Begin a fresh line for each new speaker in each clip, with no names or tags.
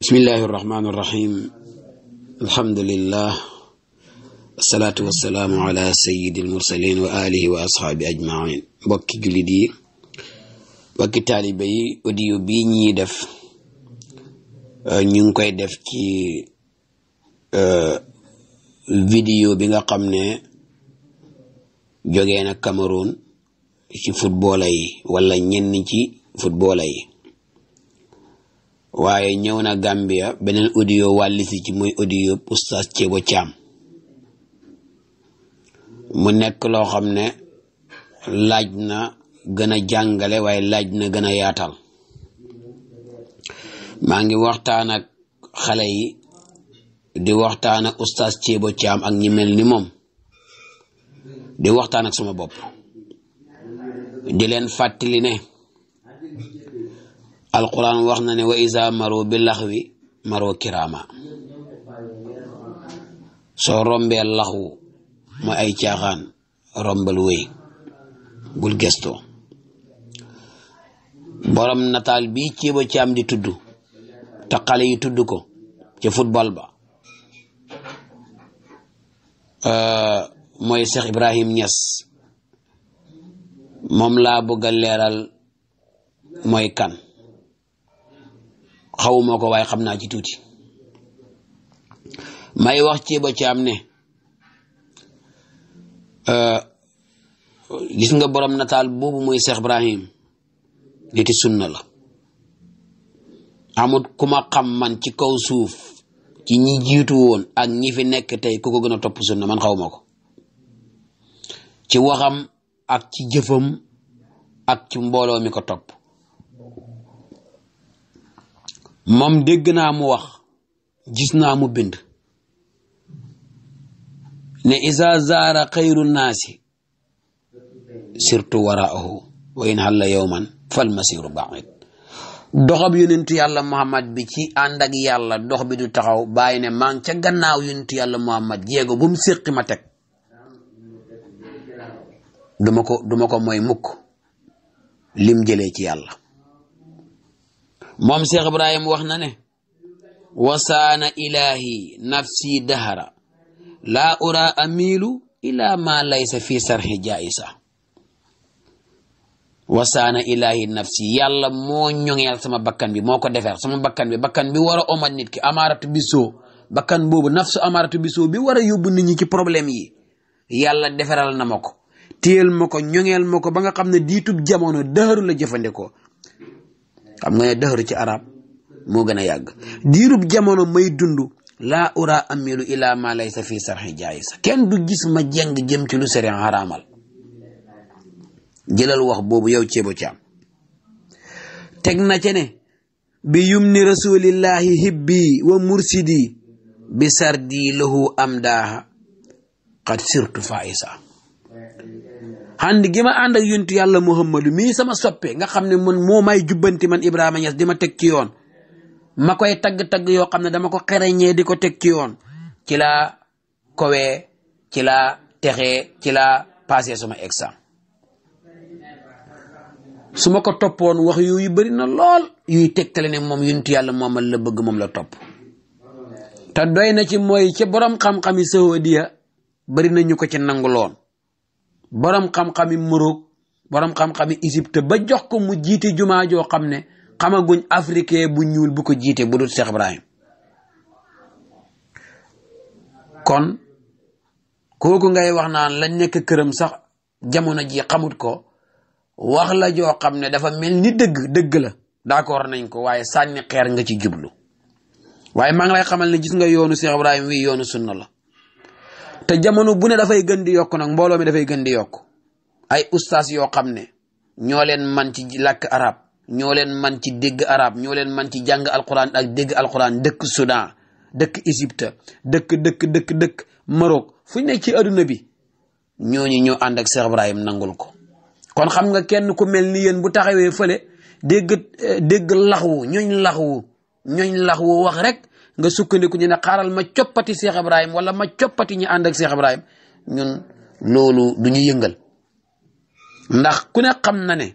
bismillahi irrahmani irrahim alhamdulilah alsalaatu wassalaamu ala sayidi almursalin wa alihi wa asxaabi ajmain mbokki jullit yi mbokki taalibe yi audio bii ñuy def euh, ñu ngi koy def ci euh, vidéo bi nga xam ne jógee na Cameroun ci football yi wala ñenn ci football yi waaye ñëw na Gambia beneen audio wàlli ci muy audio oustaz Thiébo Thiam mu nekk loo xam ne laaj na gën a jàngale waaye laaj na gën a yaatal maa ngi waxtaan ak di waxtaan ak oustaz Thiébo ak ñi ni moom di waxtaan ak sama bopp di leen fàttali ne alquran wax na ne wa isa maro bi laxwi maro kiraama soo rombee laxu mooy ay caaxaan rombal wéy bul gestoo borom nataal bi ciiba caam di tudd te xale yi tudd ko ci football ba mooy Cheikh Ibrahim Niass moom la bëgg leeral mooy kan xawuma ko waaye xam naa ci tuuti may wax ci ba ci am ne euh, gis nga borom nataal boobu mooy Cheikh Ibrahim niti sunna la amut ku ma xam man ci kaw suuf ci ñi jiitu woon ak ñi fi nekk tey ku ko gën a topp sunna man xawma ko ci waxam ak ci jëfam ak ci mbooloo mi ko topp moom dégg naa mu wax gis naa mu bind ne isa zaara xayru naasi surtout waraahu wa in halla yowman fal masiru baid doxab yonentu yàlla muhammad bi ci ànd ak yàlla dox bi du taxaw bàyyi ne maa ngi ca gannaaw yonentu yàlla muhammad jéego bu mu séqi ma teg duma ko duma ko mooy mukk lim jëlee ci yàlla moom Cheikh Ibrahim wax na ne wasaana ilahi nafsi dahara laa ura amilu ila ma laysa fi sarxi jaisa wasaana ilahi nafsi yàlla moo ñoŋeel sama bakkan bi moo ko defar sama bakkan bi bakkan bi war a nit ki amaaratu bisoo bakkan boobu nafsu amaaratu bisso bi war a yóbbu ñi ci problème yi yàlla defaral na ma ko téyel ma ko ñoŋeel ma ko ba nga xam ne diitub jamono daharu la jëfandikoo xam nga ne dëxëru ci arab moo gën a yàgg diirub jamono may dund laa ura amilu ila ma laysa fi sarxi jaayisa kenn du gis ma jeng jëm ci lu jëlal wax boobu yow ceebo caam teg na ca ne bi yumni rasulillahi hibbi wa mursidi bi sardi lahu amdaaha qad sirtu faisa ànd gi ma ànd ak yontu yàlla muhammadu mii sama soppe nga xam ne man moo may jubbanti man Ibrahima Niass di ma teg ki yoon ma koy tagg-tagg yoo xam ne dama ko xereñee di ko teg ci yoon ci laa kowee ci laa texee ci laa passé suma exam suma ko toppoon wax yu bëri na lool yuy tegtale ne moom yontu yàlla moomal la bëgg moom la topp te doy na ci mooy ca borom xam-xami Saudiya bëri na ñu ko ci loon boroom xam-xami Maroc boroom xam-xami Égypte ba jox ko mu jiite jumaa joo xam ne xamaguñ africain bu ñuul bu ko jiite bu dul Cheikh Ibrahim kon kooku ngay wax naan lañ nekk këram sax jamono ji xamut ko wax la joo xam ne dafa mel ni dëgg dëgg la d'accord nañ ko waaye sànni xeer nga ci jublu waaye maa ngi xamal na gis nga yoonu Cheikh Ibrahim wi yoonu sunna la te jamono bu ne dafay gën di yokk nag mbooloo mi dafay gën di yokk ay ustaas yoo xam ne ñoo leen man ci làkk arab ñoo leen man ci dégg arab ñoo leen man ci jàng alquran ak dégg alquran dëkk Soudan dëkk Égypte dëkk dëkk dëkk dëkk Maroc fu nekk ci adduna bi ñooñu ñoo ànd ak Cheikh Ibrahim nangul ko kon xam nga kenn ku mel ni yéen bu taxawee fële dégg eh, dégg laxwu ñooñ laxwu ñooñ laxwu wax rek nga sukkandiku ñu ne xaaral ma coppati Cheikh Ibrahim wala ma coppati ñu ànd ak Cheikh Ibrahim ñun loolu du ñu yëngal ndax ku ne xam na ne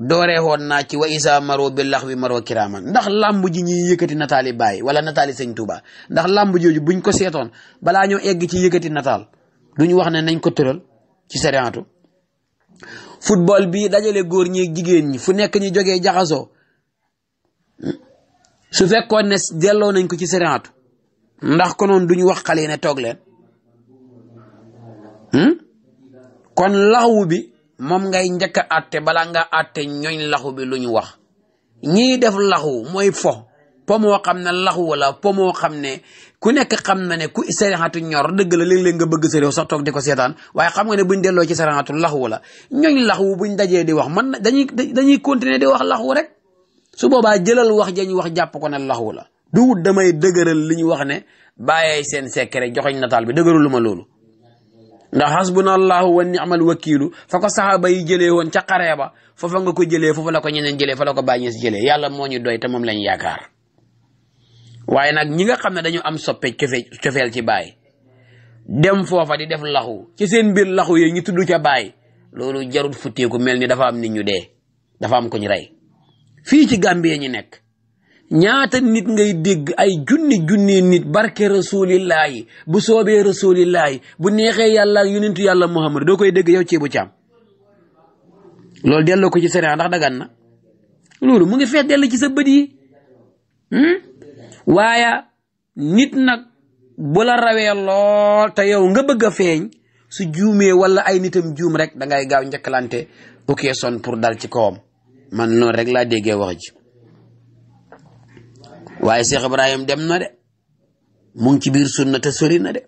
dooree woon naa ci wa isa maro bi lax wi maro kiraaman ndax làmb ji ñuy yëkkati nataali Baay wala nataali Sëñ Tuuba ndax làmb jooju buñ ko seetoon balaa ñoo egg ci yëkkati nataal ñu wax ne nañ ko tëral ci sariyaatu football bi dajale góor ñi jigéen ñi fu nekk ñi jógee jaxasoo su fekkoon ne delloo nañ ko ci sëriñatu ndax konoon duñ wax xale yi ne toog leen hmm? kon laxu bi moom ngay njëkk a balaa nga àtte ñooñ laxu bi lu ñu wax ñiy def laxu mooy fo po moo xam ne laxu wala po moo xam ne ku nekk xam na ne ku sariatu ñor dëgg la léeg-léeg nga bëgg sa sax toog di ko seetaan waaye xam nga ne buñ delloo ci sariatu laxu wala ñooñ laxu buñ dajee di wax man dañuy dañuy continuer di wax laxu rek su boobaa jëlal wax ja ñu wax jàpp ko ne laxu la du wut damay dëgëral li ñu wax ne bàyyee seen secret joxeñ nataal bi dëgëralu ma loolu ndax hasbuna allahu wa ni'mal wakiilu fa ko saxaaba yi jëlee woon ca xaree ba foofa nga ko jëlee foofa la ko ñeneen jëlee fa la ko bàyyi ñees jëlee yàlla moo ñu doy te moom lañ yaakaar waaye nag ñi nga xam ne dañu am soppe cofeel ci baay dem foofa di def laxu ci seen biir laxu yooyu ñu tudd ca baay loolu jarul futteeku mel ni dafa am nit ñu dee dafa am ko ñu rey fii ci Gambie ñi nekk ñaata nit ngay dégg ay junni junni nit barke rasulillahi bu soobee rasulillahi bu neexee yàlla yonentu yàlla Muhammad doo koy dégg yow ceebu caam loolu delloo ko ci sariya ndax dagan na loolu mu ngi feet dell ci sa bët hmm? waaye nit nag bu la rawee lool te yow nga bëgg a feeñ su juumee wala ay nitam juum rek dangay ngay gaaw njëkkalante occasion pour dal ci kawam man noonu rek laa déggee wax ji waaye Cheikh Ibrahim dem na de mu ngi ci biir sunna te sori na de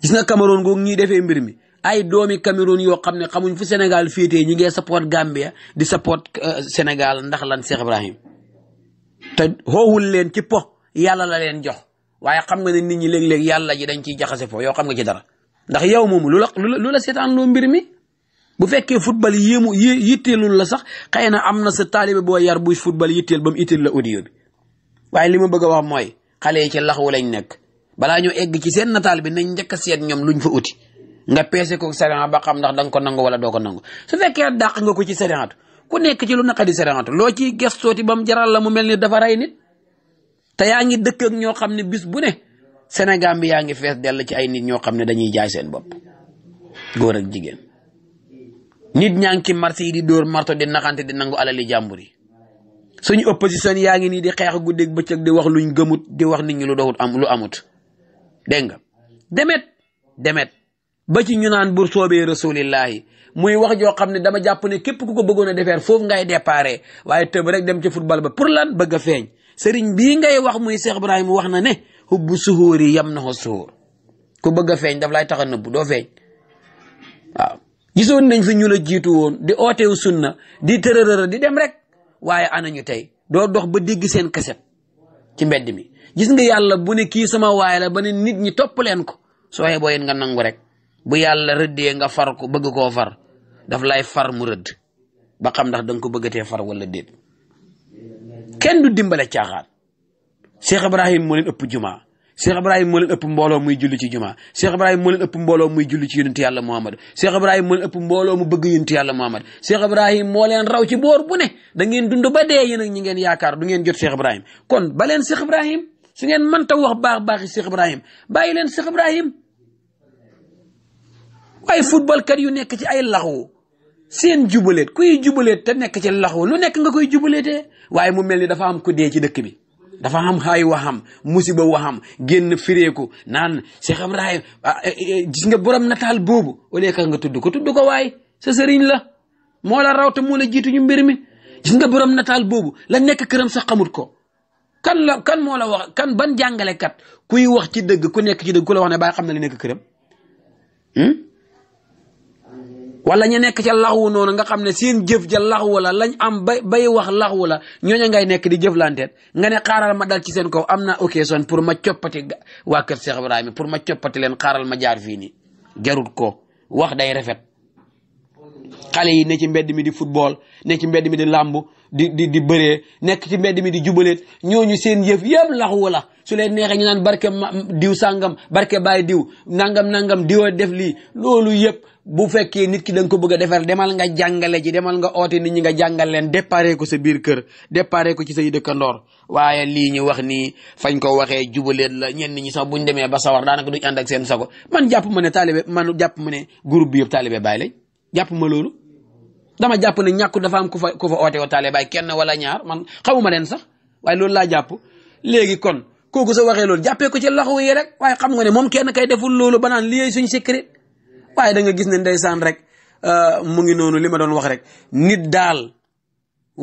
gis nga Cameroun googu ñuy defee mbir mi ay doomi Cameroun yoo xam ne xamuñ fu senegal fiite ñu ngee support Gambia di support euh, Sénégal ndax lan Cheikh Ibrahim te xoowul leen ci po yàlla la leen jox waaye xam nga ne nit ñi léeg-léeg yàlla ji dañ ciy jaxase po yoo xam nga ci dara ndax yow moomu lu lu la seetaan loo mbir mi bu fekkee football yéemu yitteelul la sax xëy na am na sa taalibe boo yar buy football yitteel ba mu itteel la audi bi waaye li ma bëgg a wax mooy xale yi ci laxwu lañ nekk balaa ñu egg ci seen nataal bi nañ njëkk a seet ñoom luñ fa uti nga peese ko sariya ba xam ndax da ko nangu wala doo ko nangu su fekkee dàq nga ko ci sariyaatu ku nekk ci lu naqadi sariyaatu loo ciy gestooti ba mu jaral la mu mel ni dafa rey te yaa ngi dëkk ak ñoo xam ne bis bu ne Sénégal bi yaa ngi fees dell ci ay nit ñoo xam ne dañuy jaay seen bopp góor ak jigéen nit ñaa ngi ci marché yi di dóor marto di naxante di nangu alali jàmbur yi suñu opposition yaa ngi nii di xeex guddeeg bëccëg di wax luñ gëmut di wax niñ ñi lu doxut amut dégg nga demet demet ba ci ñu naan bur soobee rasulillahi muy wax joo xam ne dama jàpp ne képp ku ko bëggoon a defeer foofu ngay déparé waaye tëb rek dem ci football ba pour lan bëgg feeñ sëriñ bii ngay wax muy Cheikh Ibrahima wax na ne hubbu suhuur yi yam na ko suhuur ku bëgg feeñ daf lay tax a nëbbu doo gisoon nañ fi ñu la jiitu woon di ootewu sunna di tërërëra di dem rek waaye anañu tey doo dox ba dégg seen kaset ci mbedd mi gis nga yàlla bu ne kii sama waay la ba ne nit ñi topp leen ko soo yee boo yéen nga nangu rek bu yàlla rëddee nga far ko bëgg koo far daf lay far mu rëdd ba xam ndax danga ko bëggatee far wala déet kenn du dimbale caaxaan Cheikh Ibrahim moo leen ëpp jumaa Cheikh Ibrahima moo leen ëpp mbooloo muy julli ci jumaa Cheikh Ibrahima moo leen ëpp mbooloo muy julli ci yonent yàlla Muhammad Cheikh Ibrahima moo leen ëpp mbooloo mu bëgg yonent yàlla Muhammad Cheikh Ibrahima moo leen raw ci boor bu ne da ngeen dund ba dee yéen ak ñi ngeen yaakaar du ngeen jot Cheikh Ibrahima kon ba leen Cheikh Ibrahima su ngeen mënta wax baax baaxi Cheikh Ibrahima bàyyi leen Cheikh Ibrahima waaye football yu nekk ci ay laxu seen jubaleet kuy jubaleet te nekk ci laxu lu nekk nga koy jubaleetee waaye mu mel ni dafa am ku ci dëkk bi dafa am xaay waxam musiba waxam génn fireeku naan Cheikh Ibrahim ah, eh, eh, eh, gis nga borom nataal boobu au lieu que nga tudd ko tudd ko waay sa sëriñ la moo la raw te la jiitu ñu mbir mi gis nga nataal boobu la nekk këram sax xamut ko kan la kan moo la wax kan ban jàngalekat kuy wax ci dëgg ku nekk ci dëgg ku la wax ne bàyyi xam na li nekk këram hmm? wala ñu nekk ca laxwu noonu nga xam ne seen jëf ja laxwu la lañ am bay bay wax laxwu la ñooña ngay nekk di jëflanteet nga ne xaaral ma dal ci seen ko am na occasion pour ma coppati waa kër Cheikh Ibrahima pour ma coppati leen xaaral ma jaar fii nii jarut ko wax day rafet xale yi ne ci mbedd mi di football ne ci mbedd mi di làmb di di di bëree nekk ci mbedd mi di jubaleet ñooñu seen yëf yëpp laxwu la su leen neexee ñu naan barke diw sàngam barke baay diw nangam nangam diwa def lii loolu yëpp bu fekkee nit ki da ko bëgg a defar demal nga jàngale ji demal nga ootee nit ñi nga jàngal leen déparé ko sa biir kër déparé ko ci say dëkkandoor waaye lii ñu wax nii fañ ko waxee jubaleet la ñenn ñi sax buñ demee ba sawar daanaka duñ ànd seen sago man jàpp ma ne man jàpp ma ne groupe bi yëpp taalibe bàyyi lañ jàpp ma loolu jàpp ne ñàkku dafa am ku fa ku fa oote wa taalibe kenn wala ñaar man xamuma leen sax waaye loolu laa jàpp léegi kon kooku sa waxee loolu jàppee ko ci loxo yi rek waaye xam nga ne moom kenn kay deful loolu ba naan lii suñ secret waaye da nga gis ne ndeysaan rek euh, mu ngi noonu li ma doon wax rek nit daal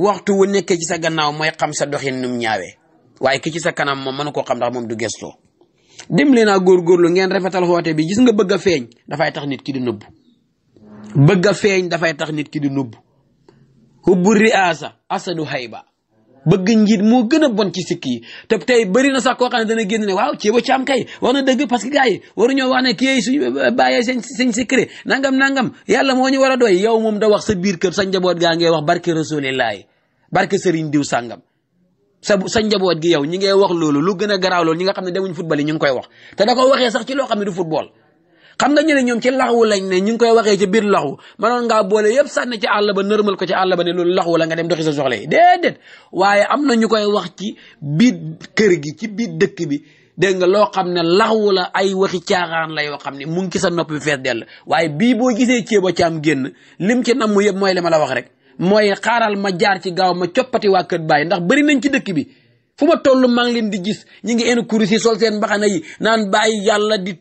waxtu wu nekkee ci sa gannaaw mooy xam sa doxin num ñaawee waaye ki ci sa kanam moom mënu koo xam ndax moom du gestoo dem leen a góorgóorlu ngeen rafetal xoote bi gis nga bëgg feeñ dafay tax nit ki di nëbbu bëgg a feeñ dafay tax nit ki di nëbbu asadu hayba bëgg njiit moo gën a bon ci sikk yi te tey bëri na sax koo xam ne dana génn ne waaw Thiéba Thiam kay wax na dëgg parce que gars yi waruñoo wax ne kii ba bàyyee seen seen nangam nangam yàlla moo ñu war a doy yow moom da wax sa biir kër sa njaboot gaa nge wax barke rasulillahi barke sëriñ diw sàngam sa sa njaboot gi yow ñi ngay wax lool lu gën a garaaw loolu ñi nga xam ne demuñ football yi ñu ngi koy wax te da ko waxee sax ci loo xam ne du football xam nga ñu ñoom ci laxwu lañ ne ñu ngi koy waxee ci biir laxwu manoon ngaa boole yëpp sànni ci àll ba nërmal ko ci àll ba ne loolu laxwu la nga dem doxi soxla yi déedéet waaye am na ñu koy wax ci biir kër gi ci biir dëkk bi dégg nga loo xam ne laxwu la ay waxi caaxaan la yoo xam ne mu ngi ci sa nopp bi fees dell waaye bii boo gisee ci am génn lim ci namm yëpp mooy la ma la wax rek mooy xaaral ma jaar ci gaaw ma coppati waa kër baay ndax bëri nañ ci dëkk bi fu ma maa ngi leen di gis ñi ngi en kurus yi sol seen mbaxana yi naan bàyyi yàlla di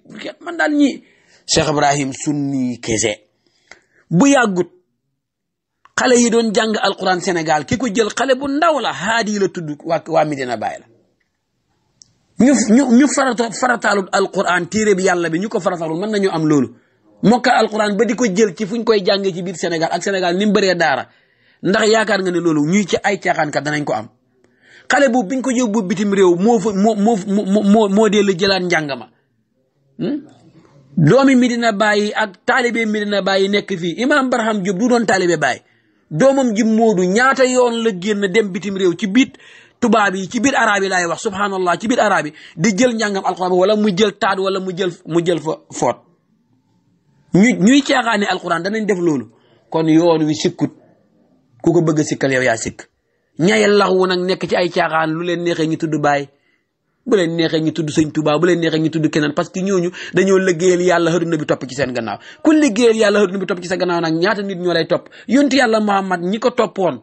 man daal ñi Cheikh Ibrahim sunni kese bu yàggut xale yi doon jàng alquran senegal ki ko jël xale bu ndaw la haadi la tudd waa waa Medina Baye la ñu ñu ñu farata farataalul alquran téere bi yàlla bi ñu ko farataalul mën nañu am loolu mokka alquran ba di ko jël ci fu ñu koy jàngee ci biir senegal ak Sénégal ni mu bëree daara ndax yaakaar nga ne loolu ñuy ci ay caaxaankat danañ ko am xale boobu bi ko ko yóbbu bitim réew moo fa moo moo moo moo dee jëlaat njàngama hmm? doomi Medina Baye ak taalibe Medina Baye nekk fii imaam Barham Diop du doon taalibe Baye doomam ji Moodu ñaata yoon la génn dem bitim réew ci biit tubaab yi ci biir araab yi laay wax subhanallah ci biir araab yi di jël njàngam alquran wala mu jël taat wala mu jël mu jël fa foot ñuy caaxaane alquran danañ def loolu kon yoon wi sikkut ku ko bëgg sikkal yow yaa sikk ñaye laxwu nag nekk ci ay caaxaan lu leen neexee ñu tudd Baye bu leen neexee ñu tudd sëñ Tuubaa bu leen neexee ñu tudd keneen parce que ñooñu dañoo liggéeyal yàlla xaruna bi topp ci seen gannaaw ku liggéeyal yàlla xaruna bi topp ci seen gannaaw nag ñaata nit ñoo lay topp yonentu yàlla Muhammad ñi ko topp toppoon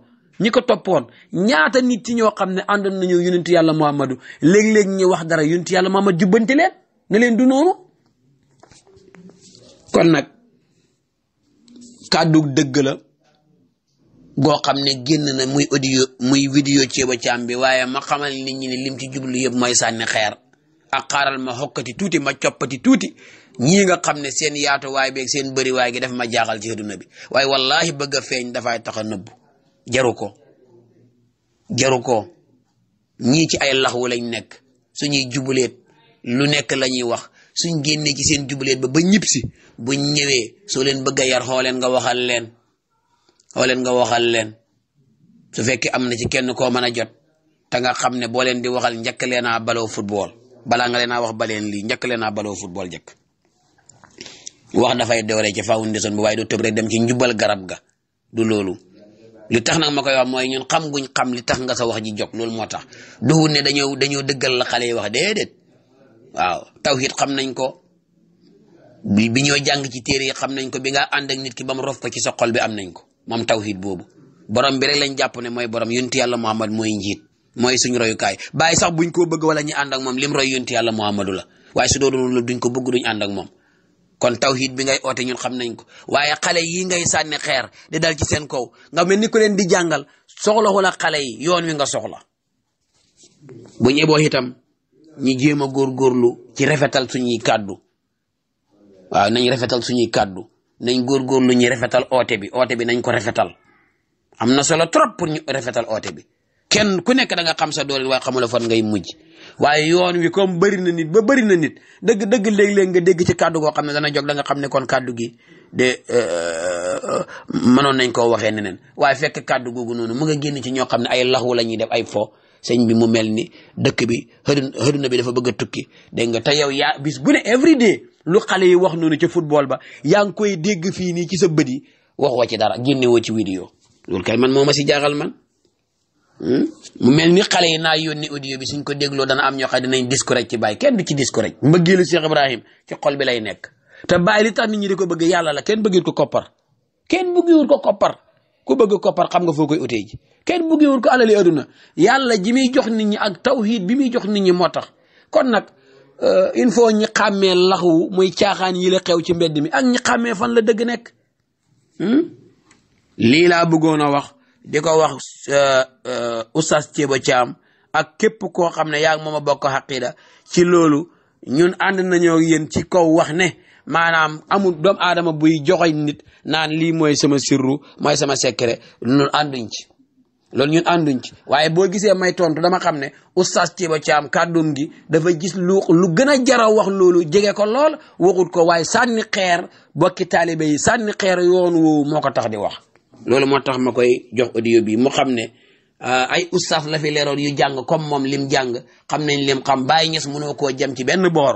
ñi ko woon ñaata nit ci ñoo xam ne àndoon nañu ti yàlla Muhammadu léeg-léeg ñu wax dara ti yàlla Muhammad jubbanti leen ne leen du noonu kon nag kàddu dëgg la goo xam ne génn na muy audio muy vidéo ceeba caam bi waaye ma xamal nit ñi lim ci jublu yëpp mooy sànni xeer ak xaaral ma xokkati tuuti ma coppati tuuti ñii nga xam ne seen yaatuwaay beeg seen bëriwaay gi daf ma jaaxal ci adduna bi waaye wallaahi bëgg a feeñ dafay tax a nëbbu jaru ko jaru ko ñii ci ay laxwu lañ nekk suñuy jubuleet lu nekk la wax suñ génnee ci seen jubuleet ba ba ñib si buñ ñëwee soo leen bëgg a yar xoo leen nga waxal leen oo leen nga waxal leen su fekkee am na ci kenn koo mën a jot te nga xam ne boo leen di waxal njëkk leen a baloo football balaa nga leen a wax baleen lii njëkk leen a baloo football njëkk wax dafay doore ci foundation bi waaye du tëb rek dem ci njubal garab ga du loolu li tax nag ma koy wax mooy ñun xam guñ xam li tax nga sa wax ji jog loolu moo tax duwul ne dañoo dañoo dëggal la xale yi wax déedéet waaw tawhid xam nañ ko bi bi ñoo jàng ci téere yi xam nañ ko bi nga ànd nit ki ba mu rof ci sa xol bi am nañ ko moom tawhid boobu borom bi rek lañ jàpp ne mooy borom yonent yàlla Muhammad mooy njiit mooy suñu royukaay bàyyi sax buñ ko bëgg wala ñu ànd moom lim roy yonent yàlla Muhammadu la waaye su doon loolu duñ ko bëgg duñ ànd ak moom kon tawhid bi ngay oote ñun xam nañ ko waaye xale yi ngay sànni xeer di dal ci seen kaw nga mel ni ku leen di jàngal soxla wala xale yi yoon wi nga soxla bu ñeboo itam ñi jéem a lu ci rafetal suñuy kàddu waaw nañ rafetal suñuy kàddu nañ góorgóorlu ñu rafetal oote bi oote bi nañ ko rafetal am na solo trop pour ñu rafetal oote bi kenn ku nekk da nga xam sa doole waaye xamula foon ngay mujj waaye yoon wi comme bëri na nit ba bëri na nit dëgg dëgg léeg-léeg nga dégg ci kàddu goo xam ne dana jóg da nga xam ne kon kàddu gi de euh, euh, mënoon nañ koo waxee neneen waaye fekk kàddu googu noonu mu nga génn ci ñoo xam ne ay laxu la ñuy def ay fo sëñ bi mu mel ni dëkk bi xëdun na bi dafa bëgg a tukki dégg nga te yow yaa bis bu ne every day lu xale yi wax noonu ca football ba yaa ngi koy dégg fii nii ci sa bët yi wax waxoo ci dara génne woo ci vidéo loolu kay man moo ma si jaaxal man hmm? mu mel ni xale yi naa yónni audio bi suñ ko dégloo dana am ñoo xam dinañ discourage ci bàyyi kenn du ci discourage mbëggeelu Cheikh Ibrahim ci xol bi lay nekk te bàyyi li tax nit ñi ko bëgg yàlla la kenn bëgg ko ko koppar ku bëgg ko par xam nga foo koy utee ji kenn bëggewul ko alali aduna yàlla ji muy jox nit ñi ak tawhid bi muy jox nit ñi moo tax kon nag euh, il faut ñi xàmmee laxwu muy caaxaan yi la xew ci mbedd mi ak ñi xàmmee fan la dëgg nekk hmm? lii laa bëggoon a wax di ko wax euh, euh, oustaz Thiéba Thiam ak képp koo xam ne yaa ngi moom a bokk xaqida ci loolu ñun ànd nañoo yéen ci kaw wax ne maanaam amul doom aadama buy joxoñ nit naan lii mooy sama sirru mooy sama secret loolu ànduñ ci loolu ñun ànduñ ci waaye boo gisee may tontu dama xam ne oustaz Thiba Thiam kàddum gi dafa gis lu lu gën a jara wax loolu jege ko lool waxut ko waaye sànni xeer bokki taalibe yi sànni xeer yoon woowu moo ko tax di wax. loolu moo tax ma koy jox audio bi mu xam ne euh, ay oustaz la fi leeroon yu jàng comme moom lim jàng xam nañ lim xam bàyyi ñes mënoo koo jëm ci benn boor.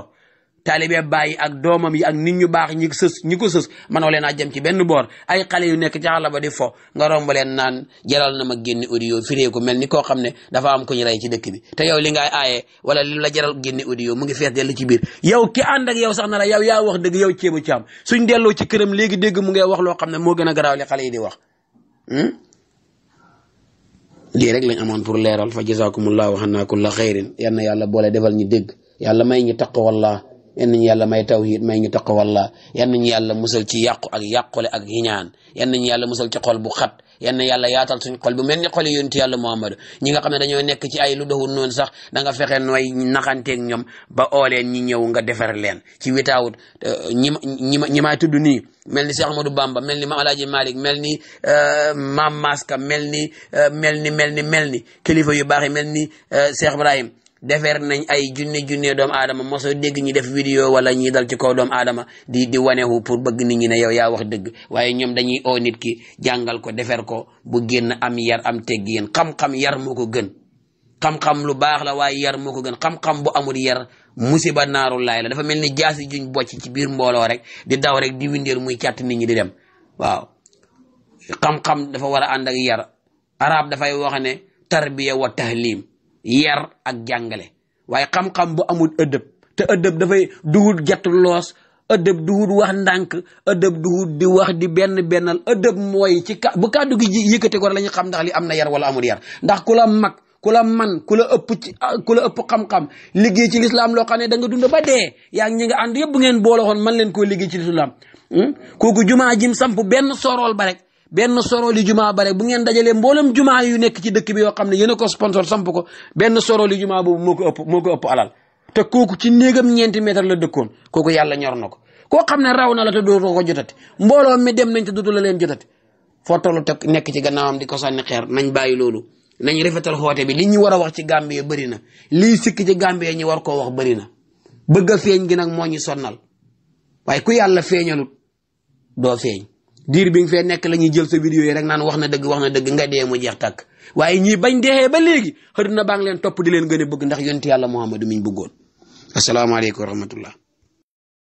taalibe bàyyi ak doomam yi ak nit ñu baax ñi sës ñi ko sës manoo leen a jëm ci benn boor ay xale yu nekk ci àll ba di fo nga romb leen naan jaral na ma génne audio firee ko mel ni koo xam ne dafa am ko ñu rey ci dëkk bi te yow li nga aaye wala li la jaral génne audio mu ngi fees dell ci biir yow ki ànd ak yow sax na la yow yaa wax dëgg yow ceebu am suñ delloo ci këram léegi dégg mu ngay wax loo xam ne moo gën a garaw li xale yi di wax hmm? lii rek lañ amoon pour leeral fa jazakumullahu xanaa kulla xayrin yal na yàlla boole defal ñu dégg yàlla may ñu taqwallah yan nañu yàlla may tawhid may ñu taqawalla yan nañu yàlla musal ci yàqu ak yàqule ak hiñaan yan nañu yàlla musal ci xol bu xat yan na yàlla yaatal suñ xol bu mel ni xol yi ti yàlla Muhammad ñi nga xam ne dañoo nekk ci ay lu doxul noonu sax danga nga fexe nooy naxanteeg ñoom ba ooleen ñi ñëw nga defar leen ci witaawut euh, ñi ma ñi ma ñi maa tudd nii mel ni Cheikh Ahmadou Bamba mel ni Maam Alaaji Malik mel ni euh, Maam Maska mel ni euh, mel ni mel ni mel ni kilifa yu baax mel ni Cheikh Ibrahim defeer nañ ay junne junne doomu aadama mosoo dégg ñi def vidéo wala ñi dal ci kaw doomu aadama di di wanewu pour bëgg ni ñi ne yow yaa wax dëgg waaye ñoom dañuy o nit ki jàngal ko defeer ko bu génn am yar am teggin xam yar moo ko gën xam lu baax la waaye yar moo ko gën xam bu amul yar musiba naaru laay la dafa mel ni jaasi juñ bocc ci biir mbooloo rek di daw rek di windéer muy càtt nit ñi di dem waaw dafa war a ànd ak yar arab dafay wax ne tarbiya wa tahlim yar ak jàngale waaye xam-xam bu amul ëddëb te ëddëb dafay duhut gettu loos ëddëb duhut wax ndànk ëddëb duhut di wax di benn bennal ëddëb mooy ci ka bu kàddu gi yëkkate ko la ñu xam ndax li am na yar wala amul yar ndax ku la mak ku la man ku la ëpp ci ah, ku la ëpp xam-xam liggéey ci lislaam loo xam ne da nga dund ba dee yaa ngi ñi nga ànd yëpp bu ngeen booloxoon man leen koo liggéey ci lislaam hmm? kooku jumaa jim samp benn sorool ba rek benn soro li jumaa bare bu ngeen dajalee mboolem jumaa yu nekk ci dëkk bi yoo xam ne yéen a ko sponsor samp ko benn soro li jumaa boobu moo ko ëpp moo ko ëpp alal te kooku ci néegam ñeenti mètre la dëkkoon kooku yàlla ñor na ko koo xam ne raw na la te dootoo ko jotati mbooloo mi dem nañ te dootu la leen jotati foo tollu te nekk ci gannaawam di ko sànni xeer nañ bàyyi loolu nañ rafetal xoote bi li ñu war a wax ci Gambie bëri na lii sikk ci Gambie ñu war koo wax bëri na bëgg a feeñ nag moo ñu sonnal waaye ku yàlla feeñalut doo diir bi nga fee nekk la ñuy jël sa vidéo yi rek naan wax na dëgg wax na dëgg nga dee mu jeex tàkk waaye ñii bañ deexee ba léegi xëduna baa ngi leen topp di leen gën a bëgg ndax yonti yàlla Muhammadu miñ bëggoon asalaamaaleykum wa rahmatullah